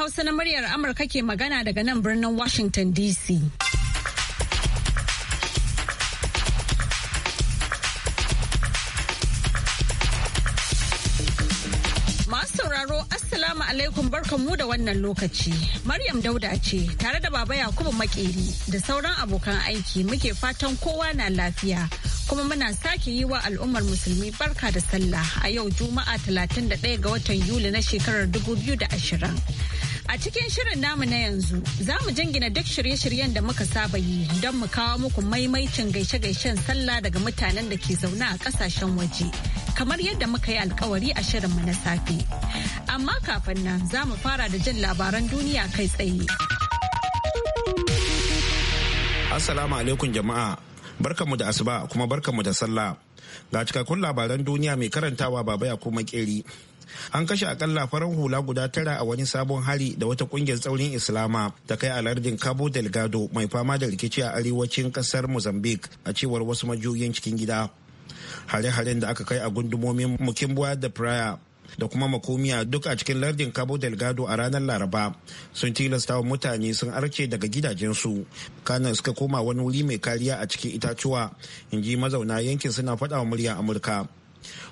Hausa na muryar Amurka ke magana daga nan birnin Washington DC. Masu sauraro Assalamu alaikum barkanmu da wannan lokaci. Maryam Dauda ce tare da Baba Yakubu Makeri da sauran abokan aiki muke fatan kowa na lafiya. kuma muna sake yi wa al'ummar musulmi barka da sallah a yau juma'a 31 ga watan yuli na shekarar 2020 A cikin shirin namu na yanzu za mu jingina duk shirye-shiryen da muka saba yi don mu kawo muku maimaicin gaishe-gaishen sallah daga mutanen da ke zaune a kasashen waje kamar yadda muka yi alkawari a shirin mu na safe. Amma kafin nan za mu fara da jin labaran duniya kai tsaye. Assalamu alaikum jama'a. Barkanmu da asuba kuma barkanmu da sallah. Ga cikakkun labaran duniya mai karantawa baba ya kuma keri. an kashe akalla farar hula guda tara a wani sabon hari da wata kungiyar tsaurin islama ta kai a lardin cabo delgado mai fama da rikici a arewacin kasar mozambique a cewar wasu majiyoyin cikin gida hare-haren da aka kai a gundumomin mukimbuwa da praya da kuma makomiya duk a cikin lardin cabo delgado a ranar laraba sun tilasta wa mutane sun arce daga gidajensu kanan suka koma wani wuri mai kariya a cikin itatuwa in ji mazauna yankin suna faɗa wa murya amurka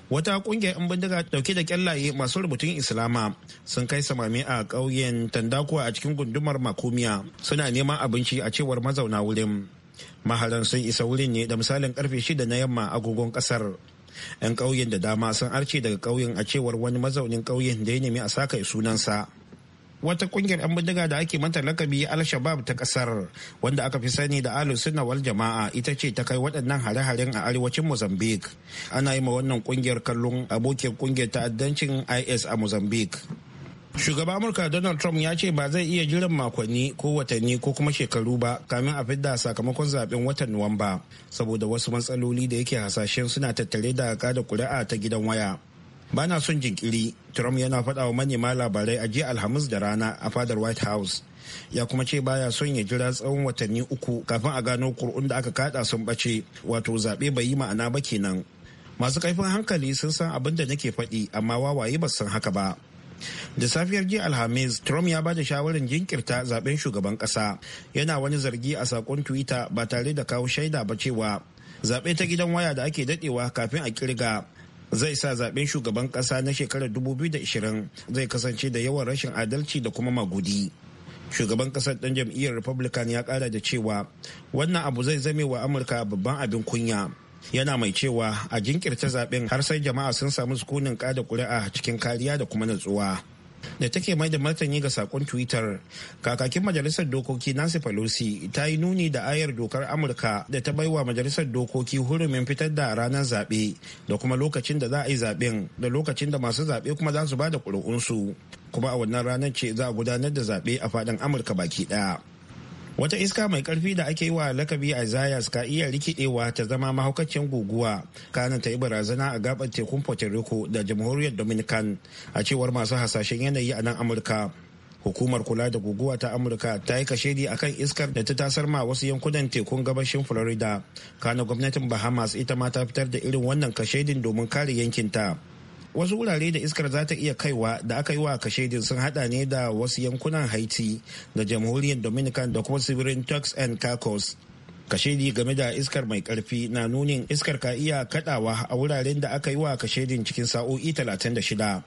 wata kungiyar 'yan bindiga dauke da kyallaye masu rubutun islama sun kai samami a ƙauyen tandakuwa a cikin gundumar makomiya. suna neman abinci a cewar mazauna wurin maharan sun isa wurin ne da misalin karfe shida na yamma agogon kasar yan ƙauyen da dama sun arce daga ƙauyen a cewar wani mazaunin ƙauyen da ya nemi a saka sunansa wata kungiyar 'yan bindiga da ake mata lakabi al-shabab ta kasar wanda aka fi sani da alu sunna wal jama'a ita ce ta kai waɗannan hare-haren a arewacin mozambique ana yi ma wannan kungiyar kallon abokin kungiyar ta'addancin is a mozambique Shugaba amurka donald trump ya ce ba zai iya jiran makonni ko watanni ko kuma shekaru ba kamin a fidda sakamakon zaben watan nuwamba saboda wasu matsaloli da yake hasashen suna tattare da kada kuri'a ta gidan waya bana son jinkiri trump yana faɗa wa manema labarai a jiya alhamis da rana a fadar white house ya kuma ce baya son ya jira tsawon watanni uku kafin a gano kur'un da aka kada sun bace wato zaɓe bai yi ma'ana ba kenan masu kaifin hankali sun san abin da nake faɗi amma wawaye ba san haka ba da safiyar jiya alhamis trump ya ba da shawarar jinkirta zaben shugaban ƙasa. yana wani zargi a sakon twitter ba tare da kawo shaida ba cewa zaɓe ta gidan waya da ake dadewa kafin a kirga zai sa zaben shugaban kasa na shekarar 2020 zai kasance da yawan rashin adalci da kuma magudi shugaban kasar ɗan jam'iyyar republican ya ƙara da cewa wannan abu zai zame wa amurka babban abin kunya yana mai cewa a jinkirta zaben har sai jama'a sun samu sukunin kada kuri'a cikin kariya da kuma natsuwa da take mai da martani ga sakon twitter kakakin majalisar dokoki nancy pelosi ta yi nuni da ayar dokar amurka da ta baiwa majalisar dokoki hurumin fitar da ranar zaɓe da kuma lokacin da za a yi zaɓen da lokacin da masu zaɓe kuma za su ba da ƙuri'unsu kuma a wannan ranar ce za a gudanar da zaɓe a faɗin amurka baki ɗaya wata iska mai karfi da ake yi wa lakabi a zayas ka iya rikidewa ta zama mahaukacin guguwa kana ta yi barazana a gabar tekun puerto rico da jamhuriyar dominican a cewar masu hasashen yanayi a nan amurka hukumar kula da guguwa ta amurka ta yi kashedi akan iskar da ta tasar ma wasu yankunan tekun gabashin florida kana gwamnatin bahamas ita ma ta fitar da irin wannan kashedin domin kare yankinta wasu wurare da iskar za ta iya kaiwa da aka yi wa kashedin sun hada ne da wasu yankunan haiti da jamhuriyar dominican da kuma tsibirin turks and caicos kashedi game da iskar mai karfi na nunin iskar ka iya kadawa a wuraren da aka yi wa kashedin cikin sa'o'i 36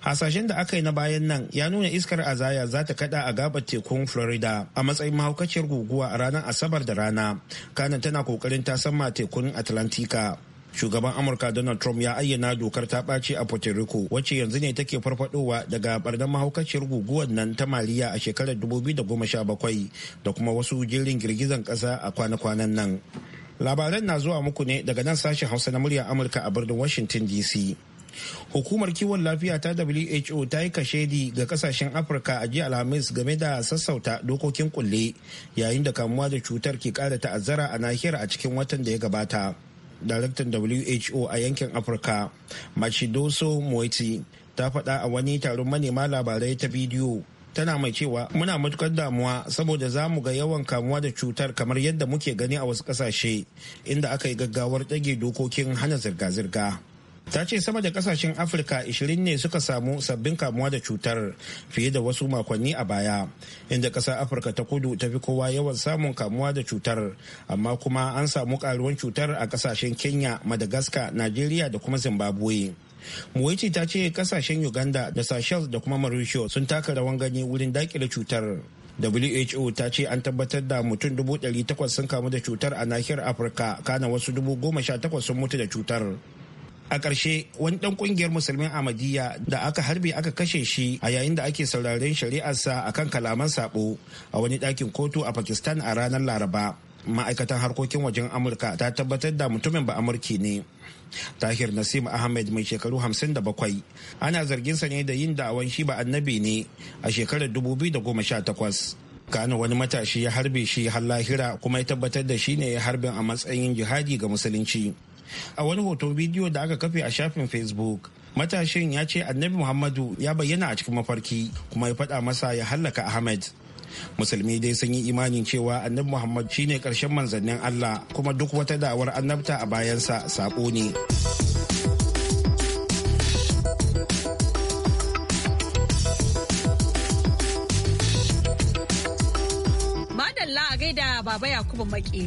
hasashen da aka yi na bayan nan ya nuna iskar azaya za ta kada a gabar tekun florida a matsayin mahaukaciyar guguwa a ranar asabar da rana kanan tana kokarin tasamma tekun atlantika shugaban amurka donald trump ya ayyana dokar ta ɓace a puerto rico wacce yanzu ne take farfadowa daga barnar mahaukaciyar guguwar nan ta maliya a shekarar 2017 da kuma wasu jerin girgizan ƙasa a kwana-kwanan nan labaran na zuwa muku ne daga nan sashen hausa na muryar amurka a birnin washington dc hukumar kiwon lafiya ta who ta yi kashedi ga kasashen afirka a jiya alhamis game da sassauta dokokin kulle yayin da kamuwa da cutar ke kara ta'azzara a nahiyar a cikin watan da ya gabata daraktan who a yankin afirka machidoso moiti ta faɗa a wani taron manema labarai ta bidiyo tana mai cewa muna matukar damuwa saboda za mu ga yawan kamuwa da cutar kamar yadda muke gani a wasu ƙasashe inda aka yi gaggawar ɗage dokokin hana zirga-zirga ta ce sama da kasashen afirka 20 ne suka samu sabbin kamuwa da cutar fiye da wasu makonni a baya inda kasar afirka ta kudu ta fi kowa yawan samun kamuwa da cutar amma kuma an samu karuwan cutar a kasashen kenya madagascar najeriya da kuma zimbabwe muwaici ta ce kasashen uganda da seychelles da kuma mauritius sun taka rawan gani wurin dakile cutar WHO ta ce an tabbatar da mutum dubu 800 sun kamu da cutar a nahiyar Afirka kana wasu dubu takwas sun mutu da cutar. a ƙarshe wani ɗan ƙungiyar musulmin amadiya da aka harbe aka kashe shi a yayin da ake sauraren shari'arsa akan kalaman sabo a wani ɗakin kotu a pakistan a ranar laraba ma'aikatan harkokin wajen amurka ta tabbatar da mutumin ba amurki ne tahir nasim ahmed mai shekaru 57 ana zarginsa ne da yin da'awan shi ba annabi ne a shekarar 2018 Kano wani matashi ya harbe shi har lahira kuma ya tabbatar da shi ne ya harbin a matsayin jihadi ga musulunci a wani hoton bidiyo da aka kafe a shafin facebook matashin ya ce annabi muhammadu ya bayyana a cikin mafarki kuma ya faɗa masa ya hallaka ahmed musulmi dai sun yi imanin cewa annabi Muhammadu shine ƙarshen manzannin allah kuma duk wata da'awar annabta a bayansa sako ne a baba yakubu makeri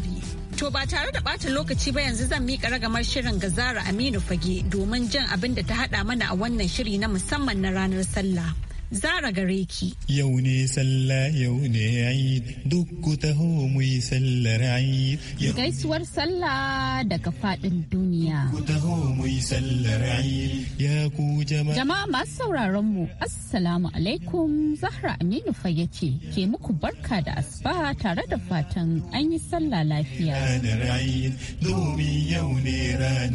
To ba tare da ɓata lokaci ba yanzu zan miƙa ragamar shirin ga Zara Aminu Fage domin jan abin da ta haɗa mana a wannan shiri na musamman na ranar sallah. zara gare ki. Yau ne sallah yau ne aid duk ku taho sallar aid. Gaisuwar sallah daga fadin duniya. Ku taho mai sallar aid ya ku jama'a. Jama'a masu sauraron mu assalamu alaikum Zahra Aminu Faye ce ke muku barka da asuba tare da fatan an yi sallah lafiya.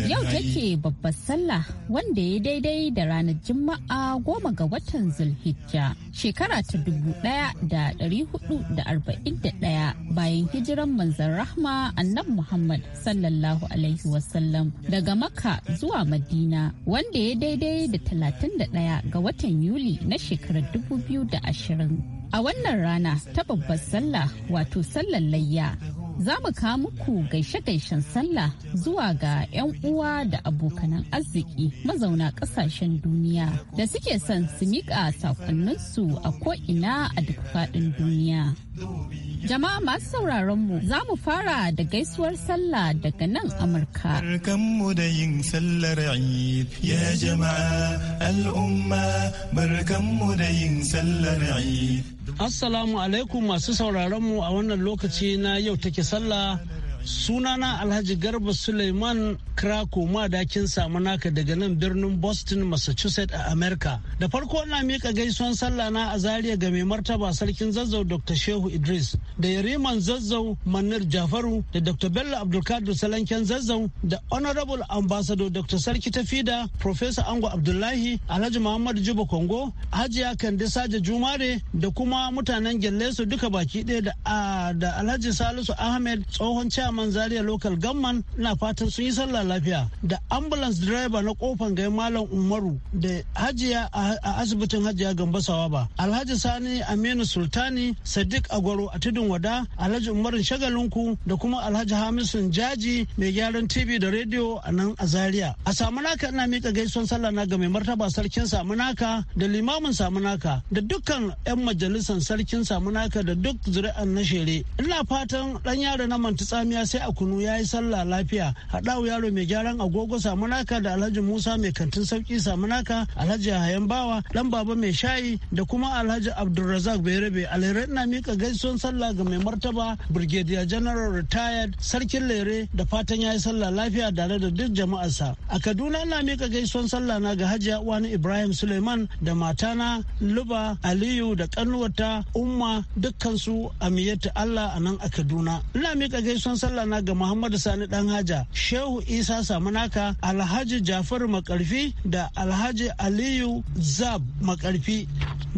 Yau take babbar sallah wanda ya daidai da ranar Juma'a goma ga watan Zulhi. hijja shekara ta dubu ɗaya da ɗari hudu da arba'in da ɗaya bayan hijiran manzan rahma annan muhammad sallallahu alaihi wasallam daga maka zuwa madina wanda ya daidai da talatin da ɗaya ga watan yuli na shekarar dubu biyu da ashirin a wannan rana ta babbar sallah wato sallar layya za mu kawo muku gaishe-gaishen sallah zuwa ga 'yan uwa da abokanan arziki mazauna kasashen duniya da suke son su miƙa sakonninsu a ko'ina a duk faɗin duniya. Jama'a masu sauraron mu za mu fara da gaisuwar sallah daga nan Amurka. Barkanmu da yin sallar Eid ya jama'a al'umma barkanmu da yin sallar Eid. Assalamu alaikum masu sauraron mu a wannan lokaci na yau take sallah sunana alhaji garba suleiman krako madakin samu naka daga nan birnin boston massachusetts a america da farko na mika gaisuwan sallah na a Zariya ga mai martaba sarkin zazzau dr shehu idris da yariman zazzau manir jafaru da dr bello abdulkadir salanken zazzau da honorable ambassador dr sarki tafida professor ango abdullahi alhaji muhammad juba kongo hajiya kande saja jumare da kuma mutanen gyalle duka baki ɗaya da alhaji salisu ahmed tsohon chairman Aman zaria local gamman na fatan sun yi sallah lafiya da ambulance driver na kofan gai malam umaru da hajiya a asibitin hajiya Gambo ba alhaji sani aminu sultani sadiq agwaro a tudun wada alhaji umarin shagalinku da kuma alhaji hamisun jaji mai gyaran tv da rediyo a nan a zaria a samunaka ina mika gaisuwan sallah na ga mai martaba sarkin samunaka da limamin samunaka da dukkan 'yan majalisar sarkin samunaka da duk zuri'an na shere ina fatan dan yaro na manta tsamiya sai a kunu ya yi sallah lafiya haɗawu yaro mai gyaran agogo samu naka da alhaji musa mai kantin sauki samu naka alhaji hayan bawa dan baba mai shayi da kuma alhaji abdulrazak bayrabe alherai ina mika gaisuwan sallah ga mai martaba brigadier general retired sarkin lere da fatan ya yi sallah lafiya tare da duk jama'arsa a kaduna ina mika gaisuwan sallah na ga hajiya wani ibrahim suleiman da matana luba aliyu da kanuwata umma dukkansu a miyatta allah a nan a kaduna ina mika gaisuwan sallah Allah na ga Muhammadu Sani Dan Haja, Shehu Isa Samunaka, Alhaji Jafar Makarfi da Alhaji Aliyu Zab Makarfi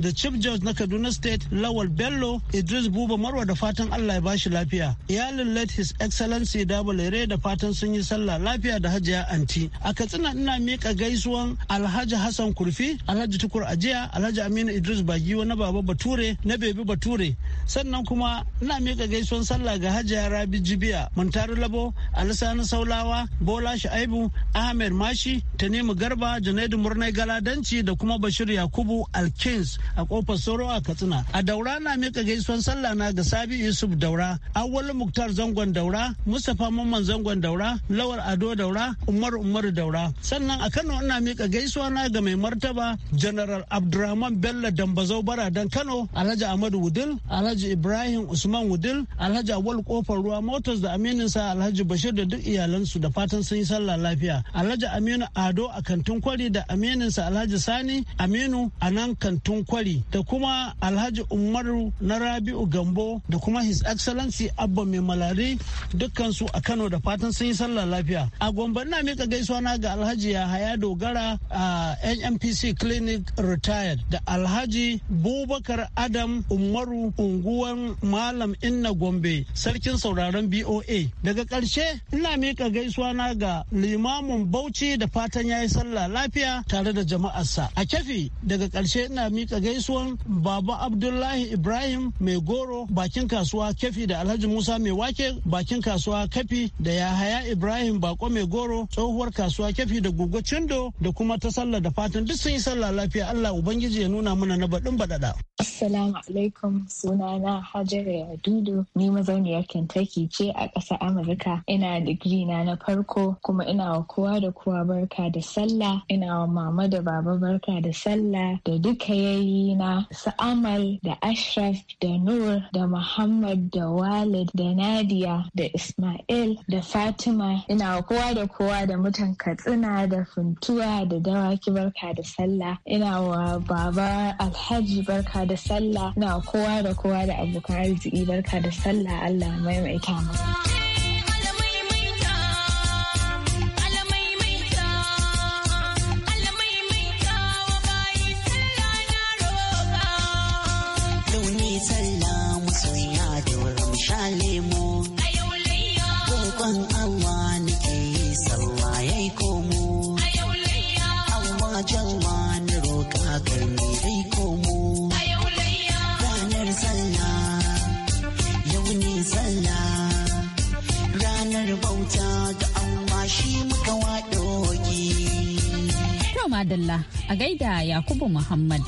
da Chief Judge na Kaduna State Lawal Bello Idris Buba Marwa da fatan Allah ya bashi lafiya. Iyalin late His Excellency Dabalere da fatan sun yi sallah lafiya da Hajiya Anti. A Katsina ina miƙa gaisuwan Alhaji Hassan Kurfi, Alhaji Tukur Ajiya, Alhaji Aminu Idris Bagiwa na Baba Bature, na Bebi Bature. Sannan kuma ina miƙa gaisuwan sallah ga Hajiya Rabi Jibiya da muntaru labo alisani saulawa bola shaibu ahmed mashi tanimu garba janaidu murnai galadanci da kuma bashir yakubu alkins a kofar soro a katsina a daura na mika gaisuwan sallah na ga sabi yusuf daura awwal muktar zangon daura mustapha mamman zangon daura lawar ado daura umar umar daura sannan a kano ina mika gaisuwa na ga mai martaba general abdurrahman bello dambazau bara dan kano alhaji ahmadu wudil alhaji ibrahim usman wudil alhaji awal kofar ruwa motors da aminin Alhaji Bashir da duk iyalansu da fatan sun yi sallah lafiya. Alhaji Aminu Ado a kantin kwari da aminin Alhaji Sani Aminu a nan kantin kwari da kuma Alhaji Umaru na Rabi'u Gambo da kuma His Excellency Abba Mai Malari dukkansu a Kano da fatan sun yi sallah lafiya. A Gombe na mika gaisuwa na ga Alhaji ya haya Dogara a NMPC Clinic Retired da Alhaji Bubakar Adam Umaru unguwan Malam Inna Gombe sarkin sauraron BO VOA. Daga ƙarshe ina miƙa gaisuwa na ga limamin Bauchi da fatan ya yi sallah lafiya tare da jama'arsa. A kafi daga ƙarshe ina miƙa gaisuwan Baba Abdullahi Ibrahim mai goro bakin kasuwa kafi da Alhaji Musa mai wake bakin kasuwa kafi da Yahaya Ibrahim Bako mai goro tsohuwar kasuwa kafi da Gugu Cindo da kuma ta sallah da fatan duk sun yi sallah lafiya Allah Ubangiji ya nuna mana na baɗin baɗaɗa. Assalamu alaikum sunana Hajara Yadudu ni mazauniyar Kentucky ce a Ƙasa amurka ina digiri na na farko kuma ina wa kowa da kowa barka da sallah ina wa mama da baba barka da sallah da duka yayi na su da ashraf da nur da muhammad da walid da nadia da ismail da fatima ina wa kowa da kowa da mutan katsina da funtuwa da dawaki barka da sallah ina wa baba alhaji barka da sallah ina wa kowa da kowa da abokan arziki barka da sallah allah maimaita mana da Yakubu Muhammad.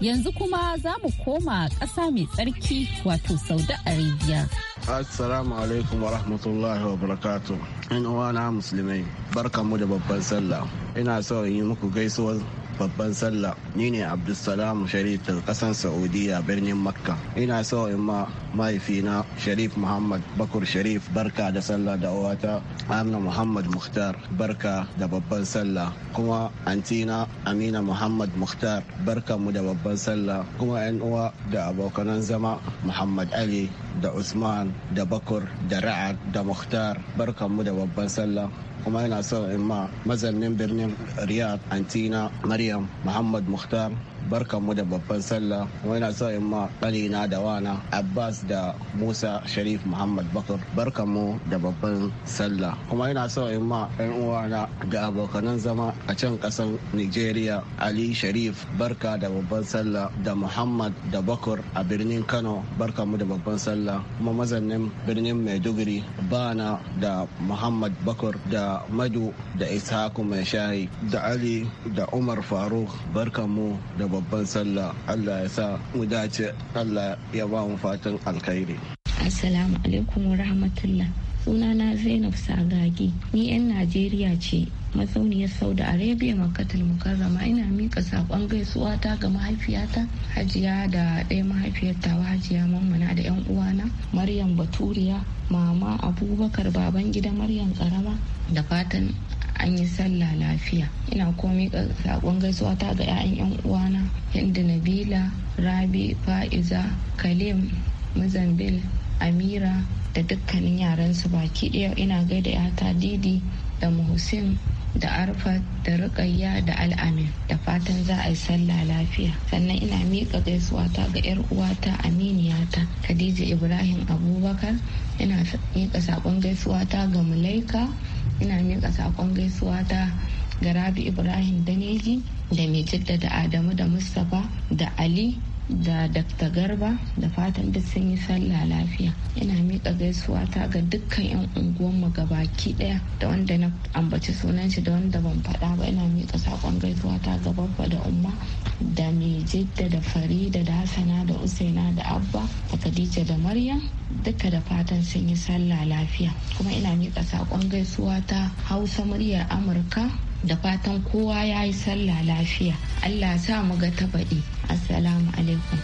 Yanzu kuma za mu koma ƙasa mai tsarki wato Saudi Arabia. Assalamu alaikum wa rahmatullahi wa barakatu. In uwana musulmai, barkanmu da babban sallah. Ina so in yi muku gaisuwar babban sallah ni ne abdulsalam sharif daga kasan saudiya birnin makka ina so in ma mahaifina sharif muhammad bakur sharif barka da sallah da uwata amna muhammad muhtar barka da babban sallah kuma antina amina muhammad muhtar barka mu da babban sallah kuma yan uwa da abokanan zama muhammad ali da usman da bakur da ra'ad da muhtar barka mu da babban sallah وما ينعصر مثلا مازال نمبرنين رياض أنتينا مريم محمد مختار mu da babban sallah wani so in ma ƙalina da wana abbas da musa sharif muhammad bakar mu da babban sallah kuma ina so in ma yan uwana da abokanan zama a can ƙasar nigeria ali sharif barka da babban sallah da muhammad da bakar a birnin kano mu da babban sallah kuma mazannin birnin maiduguri bana da muhammad bakar da madu da ishaku mai shayi da ali da umar faruk mu da babban sallah allah ya sa mu dace allah ya ba mu fatan alkhairi assalamu alaikum wa rahmatullah sunana zainab sagagi ni 'yan najeriya ce mazauniyar saudi arabia makatul mukarrama ina mika sakon gaisuwa ta ga mahaifiyata hajiya da ɗaya mahaifiyarta hajiya mammana da yan uwana maryam baturiya mama abubakar baban gida maryam karama da fatan an yi sallah lafiya ina komai sakon gaisuwa ta ga 'ya'yan 'yan uwana hindu nabila rabi fa'iza kalim muzambil amira da dukkanin yaran su baki ɗaya ina gaida 'yata didi da muhsin da arfa da rukayya da al'amin da fatan za a yi sallah lafiya sannan ina miƙa gaisuwa ta ga 'yar uwata aminiyata khadija ibrahim abubakar ina miƙa sakon gaisuwa ta ga mulaika ina miƙa saƙon gaisuwa ta ga rabi ibrahim daneji da mai jaddada adamu da mustapha da ali da Dr. Garba da fatan duk sun yi sallah lafiya. Ina miƙa gaisuwa ta ga dukkan 'yan unguwanmu baki ɗaya da wanda na ambaci sunan shi da wanda ban faɗa ba ina miƙa saƙon gaisuwa ta ga babba da umma da mai da farida da hasana da usaina da abba da khadija da maryam duka da fatan sun yi sallah lafiya kuma ina miƙa saƙon gaisuwa ta hausa muryar amurka da fatan kowa ya yi sallah lafiya allah sa mu ga ta tabaɗi assalamu alaikum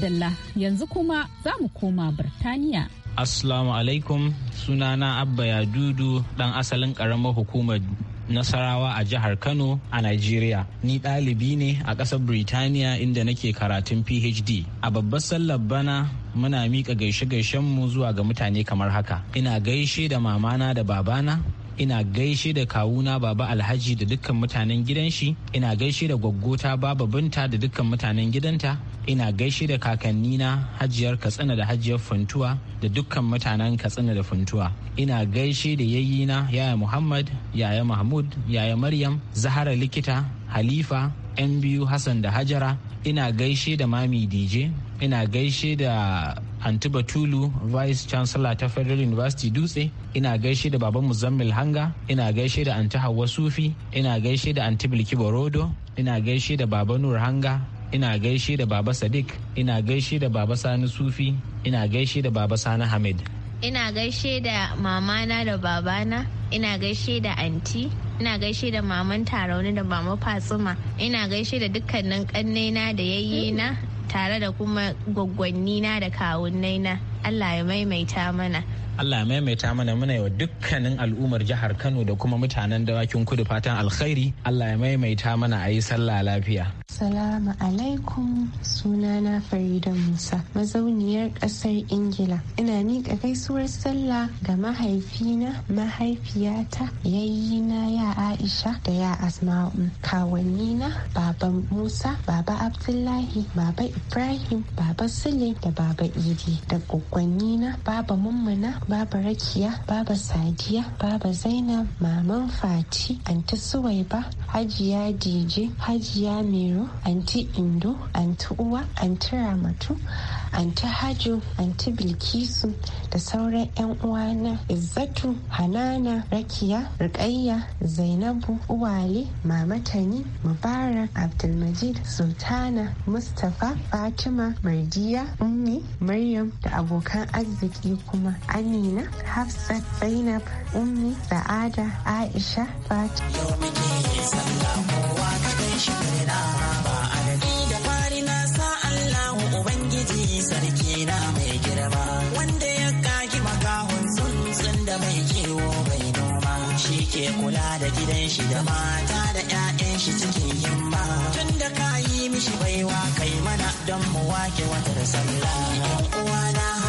Madalla yanzu kuma za mu koma Birtaniya. Assalamu alaikum sunana Abba Yadudu dan asalin karamar hukumar Nasarawa a jihar Kano a Najeriya. Ni ɗalibi ne a ƙasar Birtaniya inda nake karatun PhD. A babbar sallar bana muna miƙa gaishe-gaishenmu zuwa ga mutane kamar haka. Ina gaishe da mamana da babana, ina gaishe da kawuna baba alhaji da dukkan mutanen gidan shi ina gaishe da gwaggota baba binta da dukkan mutanen gidanta ina gaishe da kakannina hajiyar katsina da hajiyar funtuwa da dukkan mutanen katsina da funtuwa ina gaishe da yayyina yaya muhammad yaya mahmud yaya maryam zahara likita halifa yan biyu hassan da hajara ina gaishe da mami dj ina gaishe da anti batulu vice chancellor ta federal university dutse ina gaishe da baban muzammil hanga ina gaishe da anti hawa sufi ina gaishe da anti bilki borodo ina gaishe da baba nur hanga ina gaishe da baba sadiq ina gaishe da baba sani sufi ina gaishe da baba sani hamid ina gaishe da mamana da babana ina gaishe da anti ina gaishe da maman tarauni da mama fatsuma ina gaishe da dukkanin kannena da yayyena tare da kuma gwaggwannina da kawunnaina allah ya maimaita mana Allah ya maimaita mana muna yi wa dukkanin al'ummar jihar Kano da kuma mutanen dawakin kudu fatan alkhairi Allah ya maimaita mana a yi sallah lafiya. Assalamu alaikum sunana Farida Musa mazauniyar ƙasar Ingila. Ina miƙa gaisuwar sallah ga mahaifina, mahaifiyata, na ya Aisha da ya Asma'u, kawannina, baban Musa, baba Abdullahi, baba Ibrahim, baba Sule da baba Idi da gwaggwannina, baba Mummuna, baba Rakiya, baba Sadiya, baba Zainab, maman Fati, Anta Suwaiba, Hajiya Dije, Hajiya Mero, anti indo anti uwa anti ramatu anti hajo anti bilkisu da sauran 'yan uwa na. izzatu hanana rakiya rikayya zainabu uwale mamatani mubarak abdulmajid sultana mustapha fatima mardiya ummi maryam da abokan arziki kuma amina hafsat zainab ummi sa'ada aisha fatima shi na ba adadi da fari na sa Allahu Ubangiji sarki na mai girma wanda ya kaki makahon tsuntsun da mai kiwo bai noma shi ke kula da gidan shi da mata da 'ya'yan shi cikin himma tunda da ka yi mishi baiwa kai mana don mu wake watar sallah uwana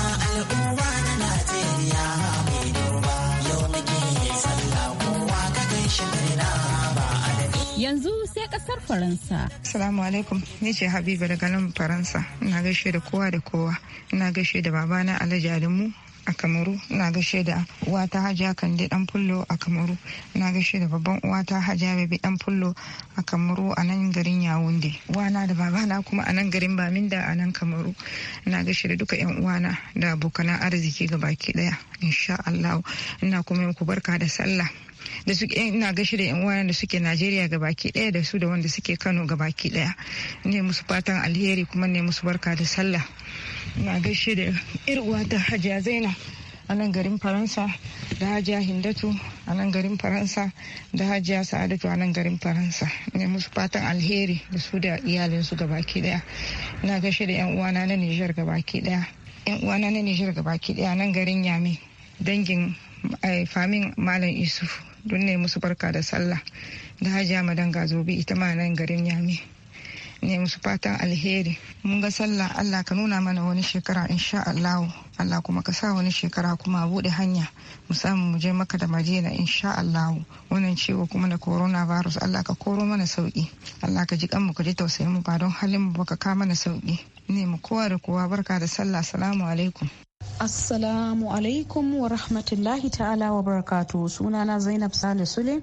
yanzu sai kasar faransa salamu alaikum ni ce habiba daga nan faransa na gaishe da kowa da kowa na gaishe da babana alhaji mu a kamaru ina gaishe da uwata hajiya kande dan fullo a kamaru ina gaishe da babban uwata hajiya bebe dan fullo a kamaru a nan garin yawunde wana da babana kuma a nan garin baminda a nan kamaru ina gaishe da duka yan uwana da abokanan arziki ga baki daya insha Allah ina kuma yi ku barka da sallah da su ina gashi da yan uwana da suke Najeriya gabaki daya da su da wanda suke Kano gabaki daya ne musu fatan alheri kuma ne musu barka da sallah ina gaishe da yar uwata Hajiya Zainab a nan garin faransa da hajiya hindatu a nan garin faransa da hajiya sa'adatu a nan garin faransa ne musu fatan alheri da su da iyalinsu gabaki daya na gaishe da yan uwana na niger gabaki daya yan uwana na niger gabaki daya nan garin yami dangin eh, famin malam isufu don ne musu barka da sallah da hajiya madanga zobe ita ma nan garin yami ne musu fatan alheri mun ga sallah allah ka nuna mana wani shekara insha allahu allah kuma ka sa wani shekara kuma a bude hanya mu samu mu je maka da madina insha allahu wannan ciwo kuma na coronavirus allah ka koro mana sauki allah ka ji kan mu ka ji tausayin mu ba don halin mu ba ka mana sauki ne mu kowa da kowa barka da sallah salamu alaikum Assalamu alaikum wa rahmatullahi ta'ala wa barakatu sunana Zainab Sale Sule,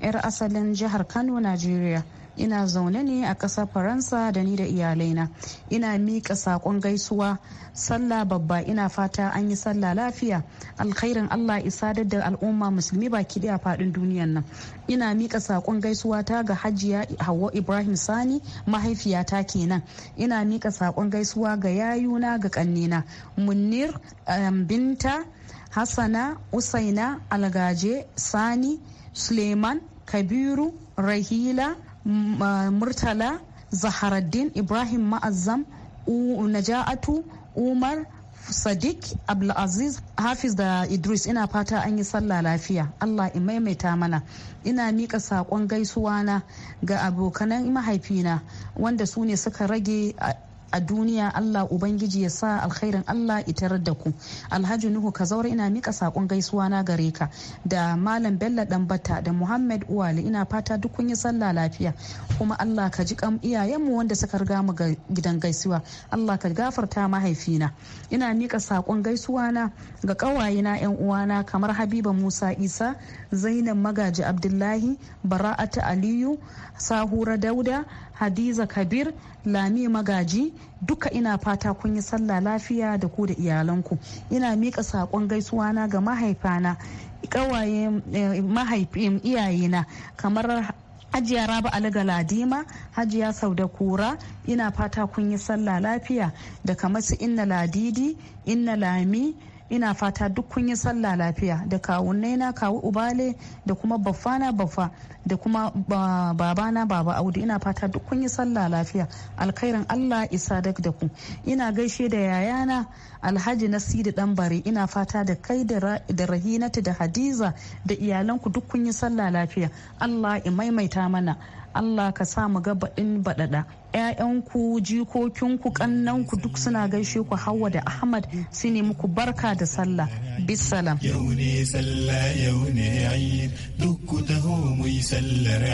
'yar asalin jihar Kano, Najeriya. ina zaune ne a ƙasar faransa da ni da iyalaina ina miƙa saƙon gaisuwa sallah babba ina fata an yi sallah lafiya alkhairin allah isa da al'umma musulmi baki ɗaya faɗin duniyan nan ina miƙa saƙon gaisuwa ta ga hajiya hawa ibrahim sani mahaifiyata kenan ina miƙa saƙon gaisuwa ga yayuna ga ƙannena munir um, binta hassana usaina algaje sani suleiman kabiru rahila murtala zaharaddin ibrahim ma'azzam naja'atu umar sadiq abdulaziz hafiz da idris ina fata an yi sallah lafiya allah in maimaita mana ina miƙa saƙon gaisuwa na ga abokanan mahaifina wanda su ne suka rage a duniya Allah Ubangiji ya sa alkhairin Allah itar da ku Alhaji Nuhu Kazaure ina mika saƙon gaisuwa na gare ka da Malam Bello bata da Muhammad Uwali ina fata duk kun yi sallah lafiya kuma Allah ka ji kam iyayenmu wanda suka riga mu gidan gaisuwa Allah ka gafarta mahaifina ina mika sakon gaisuwa na ga ƙawayena yan uwana kamar Habiba Musa Isa Zainab Magaji Abdullahi Bara'atu Aliyu sahura dauda hadiza kabir lami magaji duka ina fata kun yi sallah lafiya da ku da iyalanku ina miƙa saƙon gaisuwa na ga mahaifana ƙawaye eh, mahaifin iyayena kamar hajiya rabu algaladima hajiya sau da kura ina fata kun yi sallah lafiya da kamar su inna ladidi inna lami ina fata duk kun yi sallah lafiya da kawunai na kawu ubale da kuma baffana baffa da kuma babana baba audu ina fata duk kun yi sallah lafiya alkhairin allah isa da ku ina gaishe da yayana alhaji nasiru dan bare ina fata da kai da rahinatu da hadiza da iyalanku duk kun yi sallah lafiya allah i maimaita mana Allah ka sa mu ga baɗin baɗaɗa ‘ya'yanku jikokinku ƙannanku duk suna gaishe ku hawa da ahmad su ne muku barka da sallah bisalam yau ne sallah yau ne duk sallar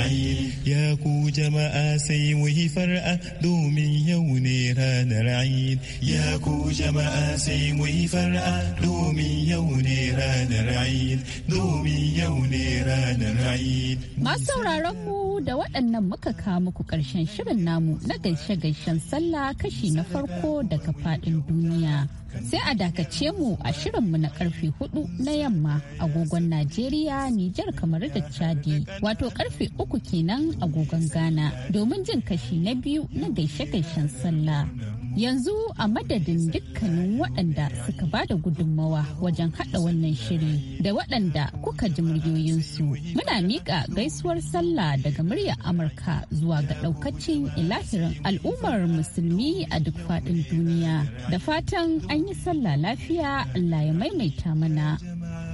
ya ku jama'a sai mu yi far'a domin yau ne ranar Eid ya ku jama'a sai mu yi far'a domin yau ne ranar Eid domin yau ne ranar Eid masu sauraron mu da waɗannan muka kawo muku ƙarshen shirin namu na gaishe-gaishen sallah kashi na farko daga faɗin duniya sai a dakace mu a shirinmu na karfe hudu na yamma agogon Najeriya, Nijar kamar da Chadi wato karfe uku kenan agogon Ghana domin jin kashi na biyu na gaishe-gaishen sallah. Yanzu a madadin dukkanin waɗanda suka ba da gudunmawa wajen haɗa wannan shiri da waɗanda kuka ji muryoyinsu muna miƙa gaisuwar sallah daga muryar Amurka zuwa ga ɗaukacin ilahirin al'ummar musulmi a duk faɗin duniya. Da fatan an yi sallah lafiya Allah ya maimaita mana.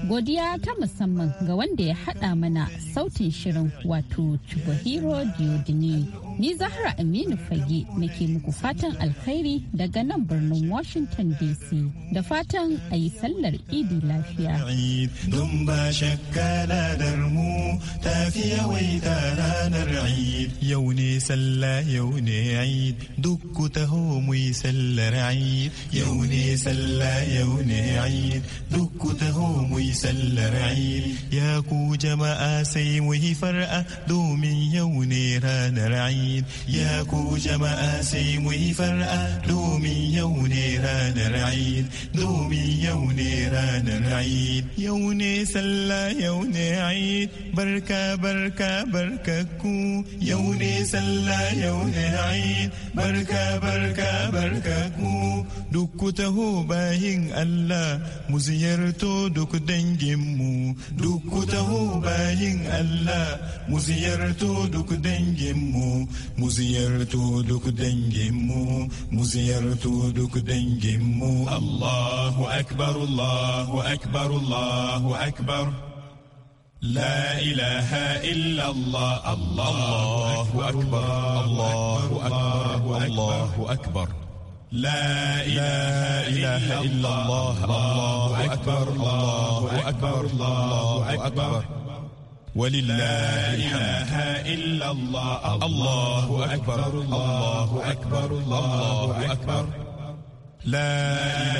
Godiya ta musamman ga wanda ya haɗa mana sautin shirin wato Chubahiro Diodini. Ni Zahra Aminu Fage nake muku fatan alkhairi daga nan birnin Washington DC da fatan a yi sallar idi lafiya. Don ba shakka ladar mu ta ranar Eid. Yau ne sallah yau ne Eid duk ku taho mu yi sallar Eid. Yau ne sallah yau ne Eid duk ku taho mu yi sallar Eid. Ya ku jama'a sai mu yi far'a domin yau ne ranar Eid. Eid ya ku jama'a sai mu yi far'a domin yau ne ranar Eid domin yau ne ranar Eid yau ne sallah yau ne Eid barka barka barka ku yau ne sallah yau ne Eid barka barka barka ku duk ku taho bayin Allah mu ziyarto duk danginmu duk ku taho bayin Allah mu ziyarto duk danginmu مزيرتو دوك دنجمو مزيرتو دوك دنجمو الله أكبر الله أكبر الله أكبر لا إله إلا الله الله أكبر الله أكبر الله أكبر لا إله إلا الله الله أكبر الله أكبر الله أكبر ولله الحمد إلا الله الله أكبر الله أكبر الله أكبر لا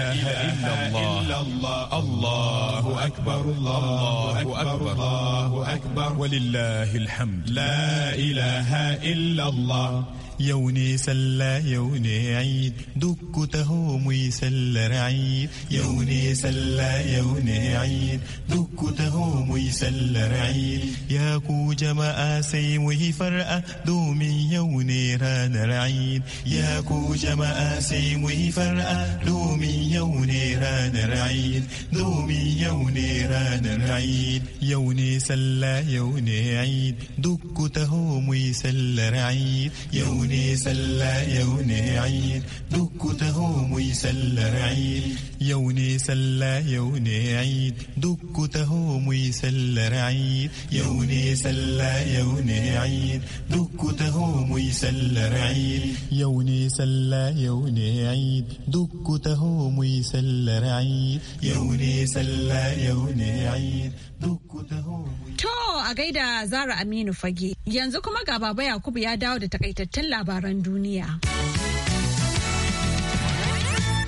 إله إلا الله الله الله أكبر الله أكبر الله أكبر ولله الحمد لا إله إلا الله يوني سلا يوني عيد دك تهوم يسل رعيد يوني سلا يوني عيد دك تهوم يسل رعيد يا كو جما سيمه فرأة دومي يوني ران رعيد يا كو جما سيمه فرأة دومي يوني ران رعيد دومي يوني ران رعيد يوني سلا يوني عيد دك تهوم يسل رعيد يوني يوني سلا يوني عيد دك تهومي سلا عيد يوني سلا يوني عيد دك تهومي سلا عيد يوني سلا يوني عيد دك تهومي سلا عيد يوني سلا يوني عيد دك تهومي سلا عيد يوني سلا يوني عيد To a gaida Zara Aminu Fage. Yanzu kuma ga Baba Yakubu ya dawo da takaitattun labaran duniya.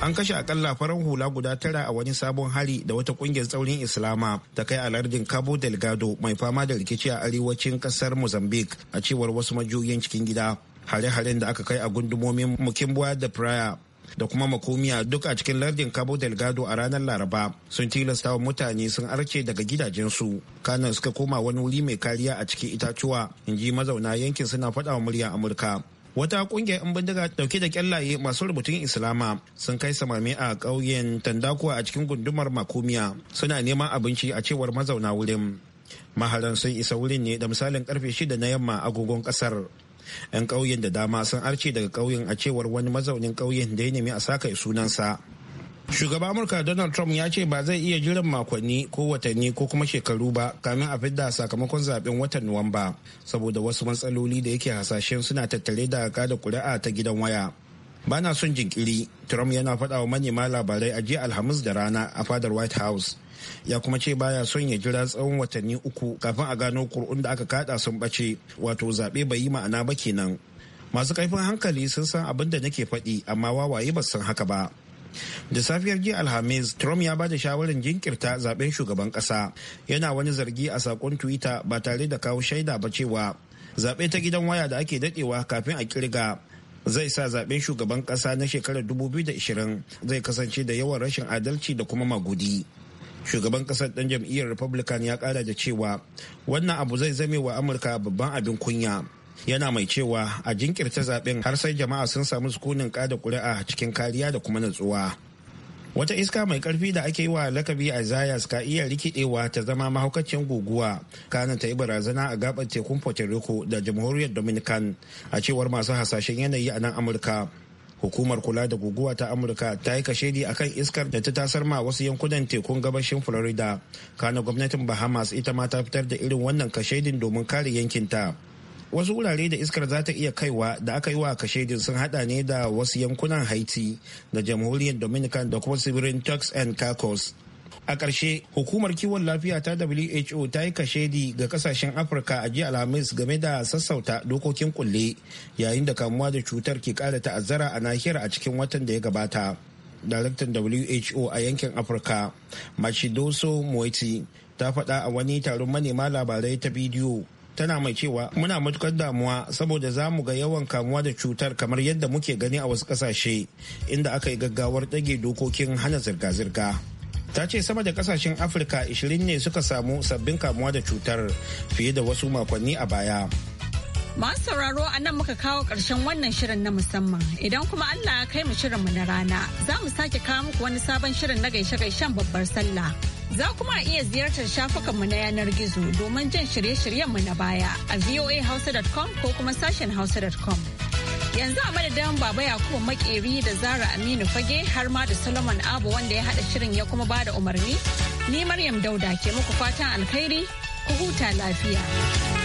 An kashe akalla farar hula guda tara a wani sabon hari da wata kungiyar tsaurin Islama ta kai a lardin Cabo Delgado mai fama da rikici a arewacin kasar Mozambique a cewar wasu majiyoyin cikin gida. Hare-haren da aka kai a gundumomin Mukimbuwa da Praia da kuma makomiya duk a cikin lardin cabo delgado a ranar laraba sun tilasta wa mutane sun arce daga gidajensu kanan suka koma wani wuri mai kariya a cikin itatuwa in ji mazauna yankin suna faɗa wa muryar amurka wata kungiyar 'yan bindiga dauke da kyallaye masu rubutun islama sun kai samame a ƙauyen tandakuwa a cikin gundumar makomiya suna neman abinci a cewar mazauna wurin maharan sun isa wurin ne da misalin karfe shida na yamma agogon kasar 'yan ƙauyen da dama sun arce daga ƙauyen a cewar wani mazaunin ƙauyen da ya nemi a saka sunansa Shugaba amurka donald trump ya ce ba zai iya jiran makonni ko watanni ko kuma shekaru ba kamin a fidda sakamakon zaben watan nuwamba saboda wasu matsaloli da yake hasashen suna tattare da da kuri'a ta gidan waya bana son jinkiri trump yana faɗa wa manema labarai a jiya alhamis da rana a fadar white house ya kuma ce baya son ya jira tsawon watanni uku kafin a gano kur'un da aka kada sun bace wato zaɓe bai yi ma'ana ba kenan masu kaifin hankali sun san abin da nake faɗi amma wawaye ba san haka ba da safiyar jiya alhamis trump ya bada shawarar jinkirta zaben shugaban kasa yana wani zargi a sakon twitter ba tare da kawo shaida ba cewa zaɓe ta gidan waya da ake daɗewa kafin a kirga zai sa zaben shugaban kasa na shekarar 2020 zai kasance da yawan rashin adalci da kuma magudi shugaban kasar ɗan jam'iyyar republican ya ƙara da cewa wannan abu zai zame wa amurka babban abin kunya yana mai cewa a jinkirta zaɓen har sai jama'a sun samu sukunin kada kuri'a cikin kariya da kuma natsuwa wata iska mai ƙarfi da ake yi wa lakabi a zayas ka iya rikidewa ta zama mahaukacin guguwa kana ta yi barazana a gabar tekun puerto rico da jamhuriyar dominican a cewar masu hasashen yanayi a nan amurka hukumar kula da guguwa ta amurka ta yi kashedi akan iskar da ta tasar ma wasu yankunan tekun gabashin florida kana gwamnatin bahamas ita ma ta fitar da irin wannan kashedin domin kare yankinta wasu wurare da iskar za ta iya kaiwa da aka yi wa kashedin sun hada ne da wasu yankunan haiti da jamhuriyar dominican da kuma tsibirin turks and caicos A ƙarshe, hukumar kiwon lafiya ta WHO ta yi kashedi ga kasashen Afirka a jiya Alhamis game da sassauta dokokin kulle yayin da kamuwa da cutar ke ƙara ta'azzara a nahiyar a cikin watan da ya gabata. Daraktan WHO a yankin Afirka, Machidoso moiti ta faɗa a wani taron manema labarai ta bidiyo tana mai cewa muna matukar damuwa saboda za mu ga yawan kamuwa da cutar kamar yadda muke gani a wasu ƙasashe inda aka yi gaggawar ɗage dokokin hana zirga-zirga. ta ce sama da kasashen afirka 20 ne suka samu sabbin kamuwa da cutar fiye da wasu makonni a baya masu sauraro a nan muka kawo ƙarshen wannan shirin na musamman idan kuma allah ya kai mu shirin mu na rana za mu sake kawo muku wani sabon shirin na gaishe-gaishen babbar sallah za kuma iya ziyartar shafukanmu na yanar gizo domin jin shirye-shiryenmu na baya a voahausa.com ko kuma sashen hausa.com Yanzu a madadin Baba Yakubu Makeri da Zara Aminu Fage har ma da Solomon Abu wanda ya haɗa shirin ya kuma bada umarni. Ni Maryam Dauda ke muku fatan alkhairi, ku huta lafiya.